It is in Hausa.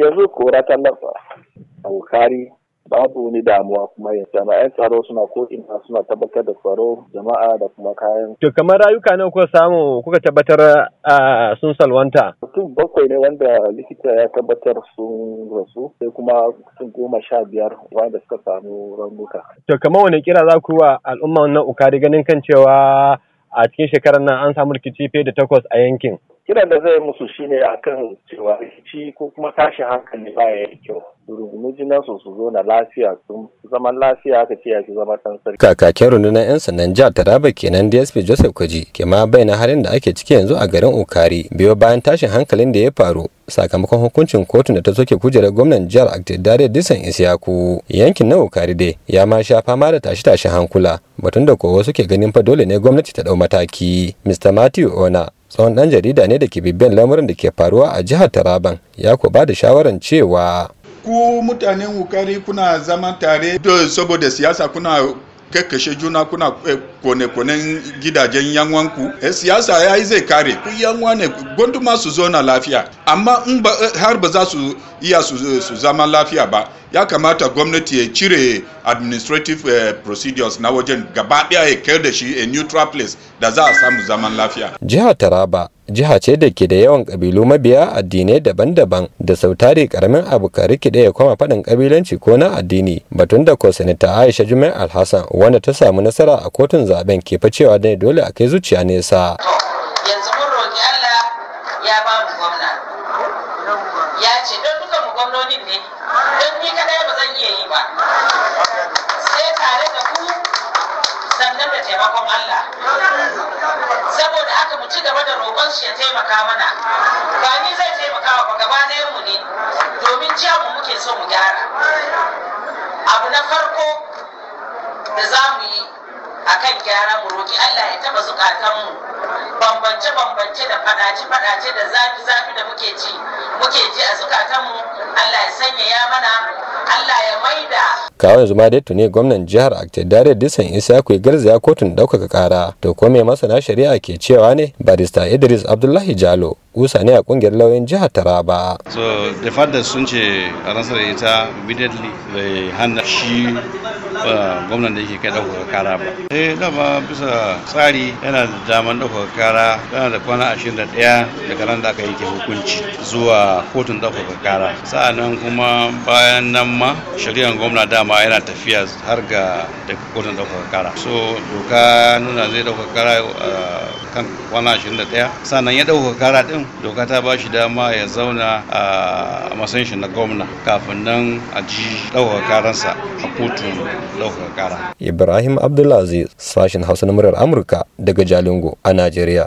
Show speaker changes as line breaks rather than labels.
yanzu kora ta lafa alkari babu wani damuwa kuma ya jami'an tsaro suna ko ina suna tabbatar da tsaro jama'a da kuma kayan.
To kamar rayuka nawa kuka samu kuka tabbatar a sun salwanta?
Mutum bakwai ne wanda likita ya tabbatar sun rasu sai kuma mutum goma sha biyar wanda suka samu raunuka.
To kamar wani kira za ku wa al'umma wannan ukari ganin kan cewa a cikin shekarar nan an samu rikici fiye da takwas a yankin.
kiran da zai musu shine akan cewa rikici ko kuma tashin hankali ba ya yi kyau rungumi junansu su zo na lafiya sun zaman lafiya aka ce ya zama kan sarki.
Kakakin rundunar 'yan sandan jihar Taraba kenan DSP Joseph Kwaji ke ma na harin da ake ciki yanzu a garin Okari biyo bayan tashin hankalin da ya faru sakamakon hukuncin kotun da ta soke kujerar gwamnan jihar Aktidare Disan Isiyaku. Yankin na Okari dai ya ma sha fama da tashi-tashin hankula batun da kowa suke ganin fa dole ne gwamnati ta dau mataki. Mr. Matthew Ona tsawon dan jarida ne da ke bibiyan lamarin da ke faruwa a jihar taraban ya ku ba da shawaran cewa
ku mutanen wukari kuna zama tare saboda siyasa kuna kekeshe juna kuna eh, kone kone gidajen yanwanku eh, siyasa ya zai kare ku yanwa ne ma su zo lafiya amma in eh, har ba za su iya su zama lafiya ba ya kamata gwamnati ya cire administrative procedures na wajen gaba daya ya kai da shi a neutral place da za a samu zaman lafiya
jihar taraba jiha ce da ke da yawan ƙabilu mabiya addinai daban-daban da sautari karamin abu ka rikide ya koma faɗin ƙabilanci ko na addini batun da ko sanata aisha jumai alhassan wanda ta samu nasara a kotun zaben ke cewa da dole a kai zuciya nesa yanzu mun roƙi allah ya
ba mu gwamna ya ce don duka mu gwamnonin ne don ni kaɗai ba zan iya yi ba sai tare da ku sannan da taimakon allah mu ci gaba da roƙon su ya taimaka mana ba ni zai taimaka ba gaba ɗayan mu ne domin jiya mu muke so mu gyara abu na farko da za mu yi akan gyara mu roƙi Allah ya taba zukatan mu bambance bambance da fadace fadace da zafi zafi da muke ci muke ji a zukatan mu Allah ya sanya ya mana Allah ya maida
kawo yanzu ma dai tuni gwamnan jihar Dare Disan isa ya garzaya kotun ɗaukaka ƙara to ko mai masana shari'a ke cewa ne barista Idris Abdullahi Jalo gusa ne a kungiyar lauyan jihar Taraba.
So the fact that sun ce a ransa ita immediately they hana shi uh, gwamnan da yake kai ɗaukaka kara ba. Eh dama bisa tsari yana da daman ɗaukaka kara yana da kwana ashirin da ɗaya daga nan da aka yanke hukunci zuwa kotun ɗaukaka kara. Sa'annan kuma bayan nan ma shari'ar gwamna dama yana tafiya har ga daga kotun ɗaukaka kara. So doka nuna zai ɗaukaka kara uh, kan kwana ashirin da ɗaya sannan ya ɗaukaka kara ɗin doka ta ba shi dama ya zauna a matsayin shi na gwamna kafin nan a ji ɗaukar karansa a kotun ɗaukar kara.
Ibrahim Abdulaziz sashen Hausa na murar Amurka daga Jalingo a Najeriya.